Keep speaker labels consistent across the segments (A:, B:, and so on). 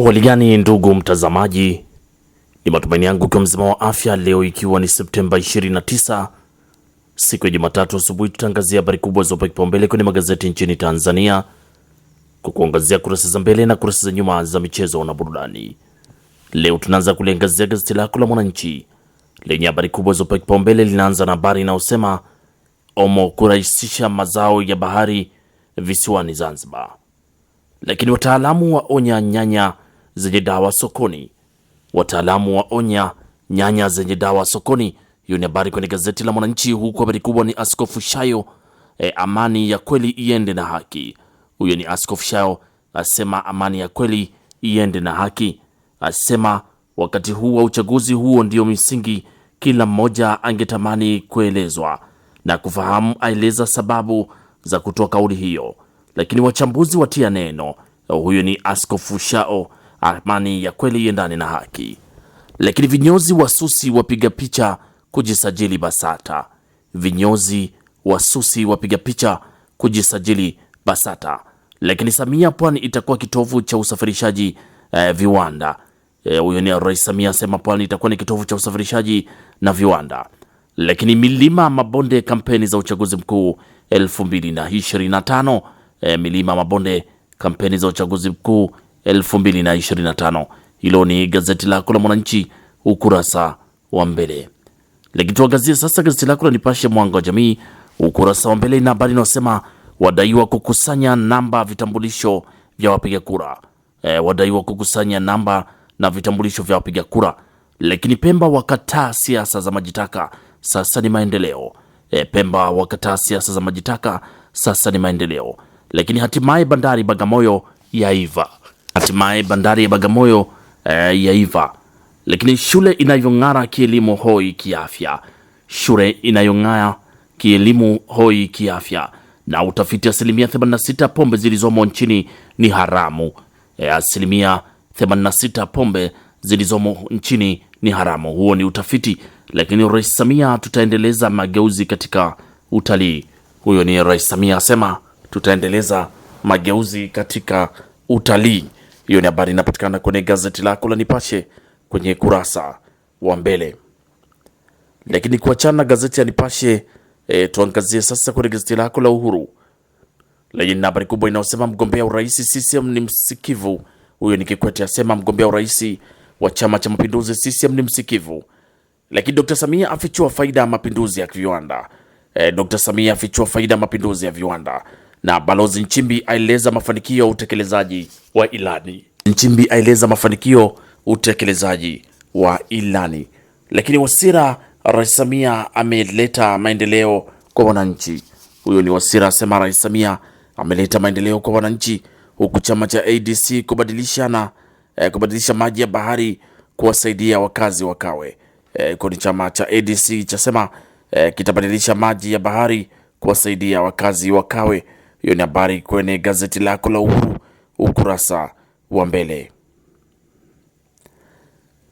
A: Uhaligani ndugu mtazamaji, ni matumaini yangu ukiwa mzima wa afya leo, ikiwa ni Septemba 29 siku ya Jumatatu asubuhi, tutaangazia habari kubwa zopa kipaumbele kwenye magazeti nchini Tanzania, kwa kuangazia kurasa za mbele na kurasa za nyuma za michezo na burudani. Leo tunaanza kuliangazia gazeti lako la Mwananchi lenye habari kubwa zopa kipaumbele. Linaanza na habari inayosema Omo kurahisisha mazao ya bahari visiwani Zanzibar, lakini wataalamu waonya nyanya zenye dawa sokoni, wataalamu waonya nyanya zenye dawa sokoni. Hiyo ni habari kwenye gazeti la Mwananchi, huku habari kubwa ni Askofu Shayo e, amani ya kweli iende na haki. Huyo ni Askofu Shayo asema amani ya kweli iende na haki, asema wakati huu wa uchaguzi, huo ndio misingi kila mmoja angetamani kuelezwa na kufahamu, aeleza sababu za kutoa kauli hiyo, lakini wachambuzi watia neno. Huyo ni Askofu Shao amani ya kweli iendane na haki. Lakini vinyozi wasusi wapiga picha kujisajili BASATA. Vinyozi wasusi wapiga picha kujisajili BASATA. Lakini Samia, pwani itakuwa kitovu cha usafirishaji eh, viwanda. Eh, huyo eh, ni Rais Samia asema pwani itakuwa ni kitovu cha usafirishaji na viwanda. Lakini milima mabonde, kampeni za uchaguzi mkuu 2025. Eh, milima mabonde, kampeni za uchaguzi mkuu 2025. Hilo ni gazeti lako la Mwananchi ukurasa wa mbele. Lakini tuangazie sasa gazeti lako la Nipashe Mwanga wa Jamii ukurasa wa mbele na habari inayosema wadaiwa kukusanya namba vitambulisho vya wapiga kura. E, wadaiwa kukusanya namba na vitambulisho vya wapiga kura. Lakini Pemba wakataa siasa za majitaka, sasa ni maendeleo. E, Pemba wakataa siasa za majitaka, sasa ni maendeleo. Lakini hatimaye bandari Bagamoyo yaiva Hatimaye bandari ya Bagamoyo eh, yaiva, lakini shule inayong'ara kielimu hoi kiafya, shule inayong'aa kielimu hoi kiafya. Na utafiti asilimia 86 pombe zilizomo nchini ni haramu. E, asilimia 86 pombe zilizomo nchini ni haramu. Huo ni utafiti. Lakini Rais Samia, tutaendeleza mageuzi katika utalii. Huyo ni Rais Samia asema tutaendeleza mageuzi katika utalii. Hiyo ni habari inapatikana kwenye gazeti lako la Nipashe kwenye kurasa wa mbele. Lakini kuachana gazeti ya Nipashe e, tuangazie sasa kwenye gazeti lako la Uhuru lenye ni habari kubwa inayosema mgombea urais CCM ni msikivu. Huyo ni Kikwete asema mgombea urais wa chama cha mapinduzi CCM ni msikivu. Lakini Dr. E, Samia afichua faida ya mapinduzi ya viwanda. E, Dr. Samia afichua faida ya mapinduzi ya viwanda na Balozi Nchimbi aeleza mafanikio utekelezaji wa ilani. Nchimbi aeleza mafanikio utekelezaji wa ilani. Lakini Wasira, Rais Samia ameleta maendeleo kwa wananchi. Huyo ni Wasira asema Rais Samia ameleta maendeleo kwa wananchi, huku chama cha ADC kubadilishana eh, kubadilisha maji ya bahari kuwasaidia wakazi wa Kawe. Eh, kwani chama cha ADC chasema eh, kitabadilisha maji ya bahari kuwasaidia wakazi wa Kawe. Hiyo ni habari kwenye gazeti lako la Uhuru ukurasa wa mbele.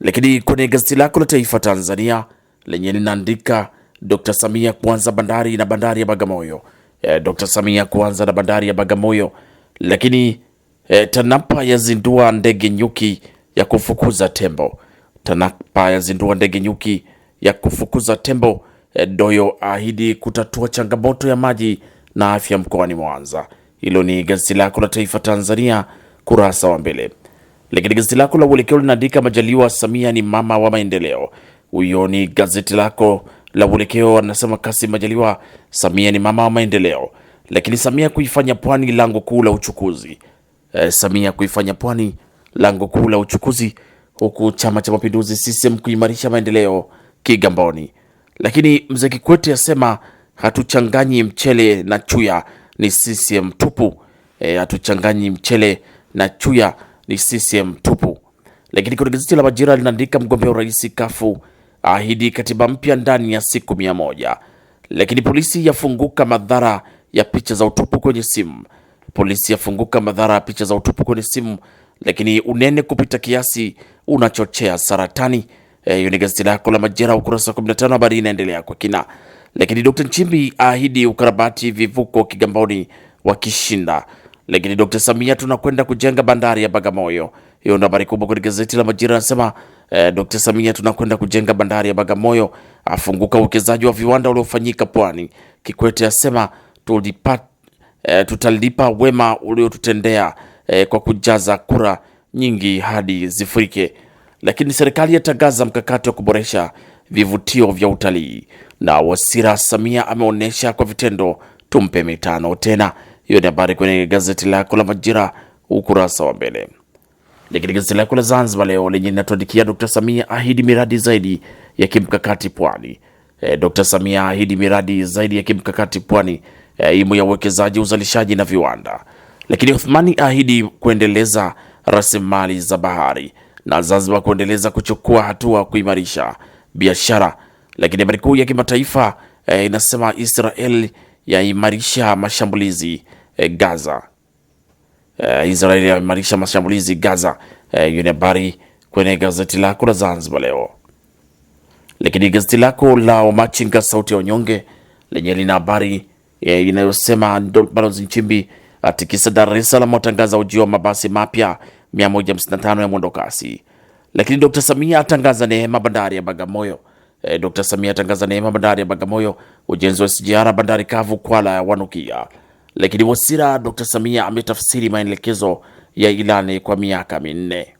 A: Lakini kwenye gazeti lako la Taifa Tanzania lenye linaandika Dr. Samia kuanza bandari na bandari ya Bagamoyo. Eh, Dr. Samia kuanza na bandari ya Bagamoyo. Lakini eh, TANAPA yazindua ndege nyuki ya kufukuza tembo. TANAPA yazindua ndege nyuki ya kufukuza tembo. Eh, Doyo ahidi kutatua changamoto ya maji na afya mkoani Mwanza. Hilo ni gazeti lako la Taifa Tanzania kurasa wa mbele. Lakini gazeti lako la Uelekeo linaandika Majaliwa, Samia ni mama wa maendeleo. Huyo ni gazeti lako la Uelekeo, anasema Kassim Majaliwa, Samia ni mama wa maendeleo. Lakini Samia kuifanya pwani lango kuu la uchukuzi. E, Samia kuifanya pwani lango kuu la uchukuzi, huku Chama cha Mapinduzi CCM kuimarisha maendeleo Kigamboni. Lakini mzee Kikwete asema hatuchanganyi mchele na chuya, ni CCM tupu. E, eh, hatuchanganyi mchele na chuya, ni CCM tupu. Lakini kuna gazeti la Majira linaandika mgombea urais kafu ahidi katiba mpya ndani ya siku mia moja. Lakini polisi yafunguka madhara ya picha za utupu kwenye simu. Polisi yafunguka madhara ya picha za utupu kwenye simu. Lakini unene kupita kiasi unachochea saratani. Eh, hiyo e, ni gazeti lako la Majira ukurasa wa 15. Habari inaendelea kwa kina. Lakini Dr. Nchimbi aahidi ukarabati vivuko Kigamboni wakishinda. Lakini Dr. Samia tunakwenda kujenga bandari ya Bagamoyo. Hiyo ndo habari kubwa kwenye gazeti la Majira anasema eh, Dr. Samia tunakwenda kujenga bandari ya Bagamoyo, afunguka uwekezaji wa viwanda uliofanyika pwani. Kikwete asema tulipa, eh, tutalipa wema uliotutendea eh, kwa kujaza kura nyingi hadi zifurike. Lakini serikali yatangaza mkakati wa kuboresha vivutio vya utalii na Wasira Samia ameonyesha kwa vitendo, tumpe mitano tena. Hiyo ni habari kwenye gazeti lako la Majira ukurasa wa mbele. Lakini gazeti lako la Zanzibar Leo lenye linatuandikia Dr Samia ahidi miradi zaidi ya kimkakati pwani. E, eh, Dr Samia ahidi miradi zaidi ya kimkakati pwani, e, imu ya uwekezaji, uzalishaji na viwanda. Lakini Uthmani ahidi kuendeleza rasilimali za bahari na Zanzibar kuendeleza kuchukua hatua kuimarisha biashara lakini habari kuu ya kimataifa e, inasema Israel yaimarisha mashambulizi e, Gaza. E, Israel yaimarisha mashambulizi Gaza. Eh, hiyo ni habari kwenye gazeti lako la Zanzibar leo. Lakini gazeti lako la Wamachinga sauti ya wanyonge lenye lina habari e, inayosema Balozi Nchimbi atikisa Dar es Salaam atangaza ujio wa mabasi mapya 155 ya mwendokasi. Lakini Dr. Samia atangaza neema bandari ya Bagamoyo. E, eh, Dr. Samia atangaza neema bandari ya Bagamoyo, ujenzi wa SGR bandari kavu Kwala wanukia. Lakini Wasira, Dr. Samia ametafsiri maelekezo ya ilani kwa miaka minne.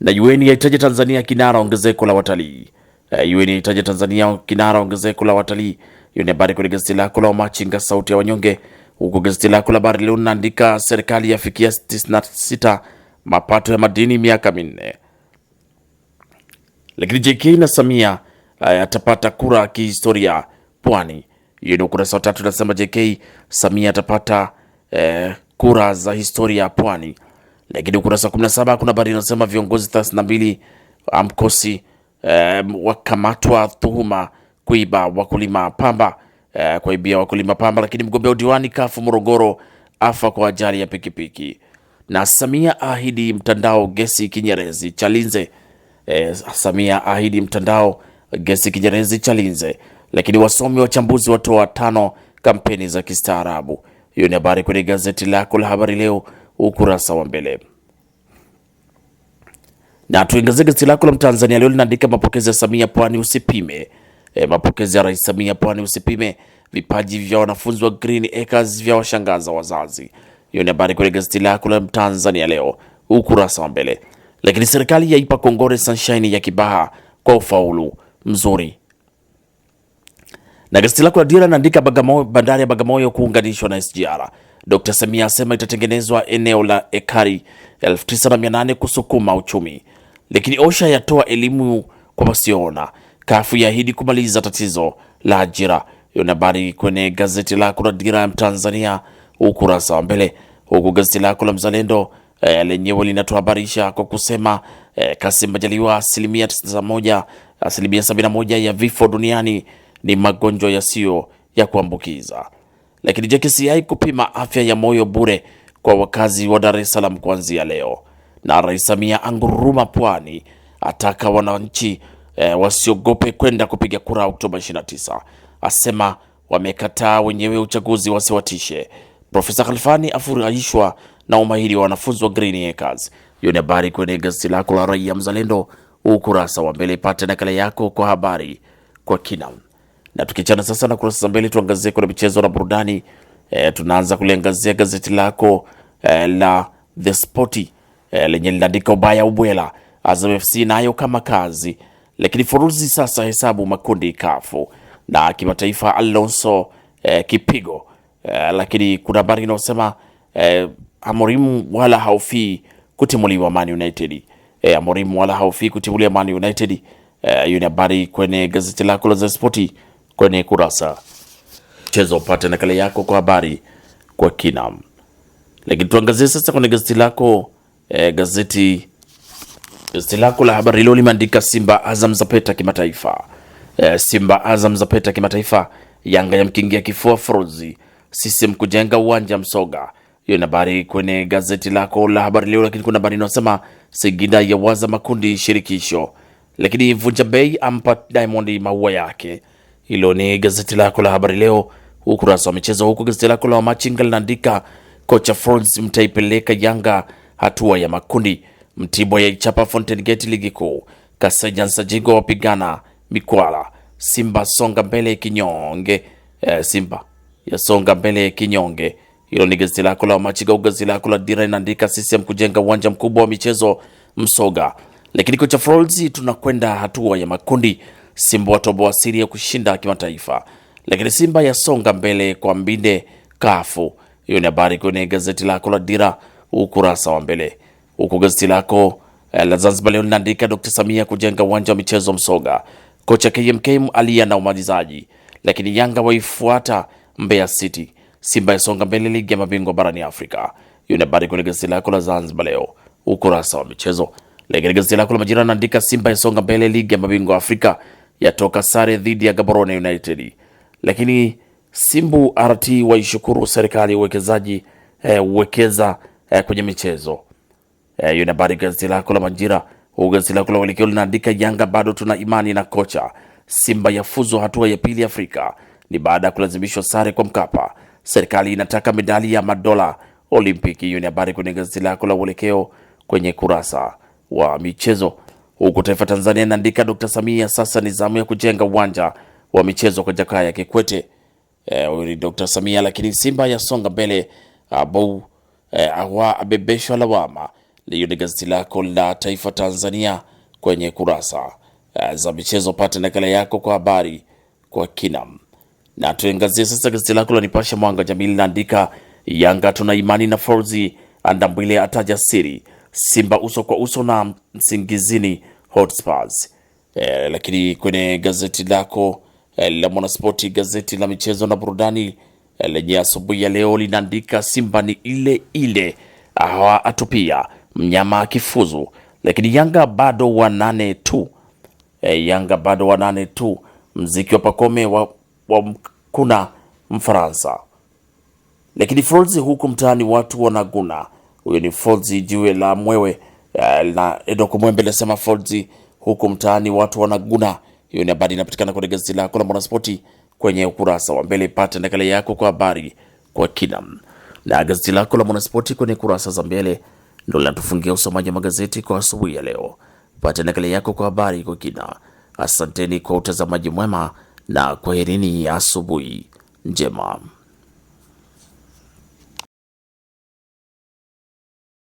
A: Na UN yahitaji Tanzania kinara ongezeko la watalii. E, UN yahitaji Tanzania kinara ongezeko la watalii. Hiyo ni habari kwenye gazeti lako la machinga sauti ya wanyonge, Huko gazeti lako la Habari Leo linaandika serikali yafikia 96 mapato ya madini miaka minne lakini JK na Samia eh, atapata kura kihistoria Pwani. Hiyo ni ukurasa wa tatu, nasema JK Samia atapata eh, kura za historia Pwani. Lakini ukurasa wa 17 kuna habari inasema viongozi 32 amkosi eh, wakamatwa tuhuma kuiba wakulima pamba eh, kuibia wakulima pamba. Lakini mgombea udiwani kafu Morogoro afa kwa ajali ya pikipiki, na Samia ahidi mtandao gesi Kinyerezi Chalinze eh, Samia ahidi mtandao gesi Kinyerezi Chalinze, lakini wasomi wachambuzi watoa tano kampeni za kistaarabu. Hiyo ni habari kwenye gazeti lako la habari leo ukurasa wa mbele na tuangazie gazeti lako la Mtanzania leo linaandika mapokezi ya Samia Pwani usipime. E, mapokezi ya Rais Samia Pwani usipime. Vipaji vya wanafunzi wa Green Acres vya washangaza wazazi. Hiyo ni habari kwenye gazeti lako la Mtanzania leo ukurasa wa mbele lakini serikali yaipa Kongore Sunshine ya Kibaha kwa ufaulu mzuri. Na gazeti lako la Dira naandika bandari ya Bagamoyo kuunganishwa na SGR. Dr. Samia asema itatengenezwa eneo la ekari 9800 kusukuma uchumi. Lakini OSHA yatoa elimu kwa wasioona. Kafu yaahidi kumaliza tatizo la ajira. Hiyo ni habari kwenye gazeti lako la Dira ya Tanzania ukurasa wa mbele, huku gazeti lako la Mzalendo e, eh, lenyewe linatuhabarisha kwa kusema e, Kassim Majaliwa, asilimia 91 asilimia 71 ya vifo duniani ni magonjwa yasiyo ya kuambukiza. Lakini JKCI kupima afya ya moyo bure kwa wakazi wa Dar es Salaam kuanzia leo, na Rais Samia anguruma Pwani, ataka wananchi e, wasiogope kwenda kupiga kura Oktoba 29, asema wamekataa wenyewe uchaguzi wasiwatishe. Profesa Khalfani afurahishwa na umahiri wa wanafunzi wa Green Acres. Hiyo ni habari kwenye gazeti lako la Raia Mzalendo ukurasa wa mbele, pata nakala yako kwa habari kwa kina. Na tukichana sasa na kurasa za mbele, tuangazie kwenye michezo na burudani. E, tunaanza kuliangazia gazeti lako e, la The Sporti e, eh, lenye linaandika ubaya ubwela Azam FC nayo kama kazi, lakini furuzi sasa hesabu makundi kafu na kimataifa Alonso e, kipigo e, lakini kuna habari inayosema e, Amorim wala haufii kutimuliwa Man United. E, Amorim wala haufii kutimuliwa Man United. Eh, hiyo ni habari kwenye gazeti lako la Sporti kwenye kurasa mchezo, upate nakala yako kwa habari kwa kina. Lakini tuangazie sasa kwenye gazeti lako e, gazeti gazeti lako la habari leo limeandika Simba Azam za peta kimataifa. E, Simba Azam za peta kimataifa. Yanga yamkingia kifua Frozi. Sisi mkujenga uwanja Msoga. Hiyo ni habari kwenye gazeti lako la habari leo, lakini kuna habari inayosema Singida ya waza makundi shirikisho, lakini Vunja Bei ampa Diamond maua yake. Hilo ni gazeti lako la habari leo ukurasa wa michezo, huku gazeti lako la Wamachinga linaandika kocha Frons mtaipeleka Yanga hatua ya makundi, Mtibwa yaichapa Fountain Gate ligi kuu, Kaseja Nsajigo wapigana Mikwala, Simba songa mbele kinyonge, eh, Simba yasonga mbele kinyonge hilo ni gazeti lako la Wamachinga, huku gazeti lako la Dira inaandika CCM kujenga uwanja mkubwa wa michezo Msoga. Lakini kocha Folz, tunakwenda hatua ya makundi. Simba watoboa siri ya kushinda kimataifa, lakini Simba yasonga mbele kwa mbinde kafu. Hiyo ni habari kwenye gazeti lako la Dira ukurasa wa mbele, huku gazeti lako eh, la Zanzibar Leo linaandika Dr. Samia kujenga uwanja wa michezo Msoga, kocha KMKM alia na umalizaji, lakini Yanga waifuata Mbeya City Simba yasonga mbele ligi ya mabingwa barani Afrika. Hiyo ni habari kwenye gazeti lako la Zanzibar Leo ukurasa wa michezo. Lakini gazeti lako la Majira naandika Simba yasonga mbele ligi ya mabingwa Afrika, yatoka sare dhidi ya Gaborone United. Lakini Simbu RT waishukuru serikali uwekezaji eh, uwekeza eh, eh, kwenye michezo eh, hiyo eh, ni habari gazeti lako la Majira. Gazeti lako la Uelekeo linaandika Yanga bado tuna imani na kocha, Simba yafuzu hatua ya pili Afrika, ni baada ya kulazimishwa sare kwa Mkapa serikali inataka medali ya madola Olimpiki. Hiyo ni habari kwenye gazeti lako la Uelekeo kwenye kurasa wa michezo, huku Taifa Tanzania inaandika Dr. Samia, sasa ni zamu ya kujenga uwanja wa michezo kwa Jakaya Kikwete. E, Dr. Samia, lakini Simba yasonga mbele abou e, awa abebeshwa lawama. Hiyo ni gazeti lako la Taifa Tanzania kwenye kurasa e, za michezo. Pata nakala yako kwa habari kwa kinam na tuangazie sasa gazeti lako la Nipashe Mwanga Jamii linaandika Yanga tuna imani na Forzi, Andambwile ataja siri, Simba uso kwa uso na Msingizini Hotspurs. E, lakini kwenye gazeti lako e, la Mwanaspoti, gazeti la michezo na burudani e, lenye asubuhi ya leo linaandika Simba ni ile ile hawa atupia mnyama akifuzu, lakini Yanga bado wanane tu e, Yanga bado wanane tu, mziki wa Pakome wa wa mkuna Mfaransa. Lakini Folz huku mtaani watu wanaguna. Huyo ni Folz jiwe la mwewe eh, na Edoko Mwembe anasema Folz huku mtaani watu wanaguna. Hiyo ni habari inapatikana kwenye gazeti lako la Mwanaspoti kwenye ukurasa wa mbele. Pata nakala yako kwa habari kwa kina, na gazeti lako la Mwanaspoti kwenye kurasa za mbele ndio linatufungia usomaji wa magazeti kwa asubuhi ya leo. Pata nakala yako kwa habari kwa kina. Asanteni kwa utazamaji mwema na kwaherini ya asubuhi njema.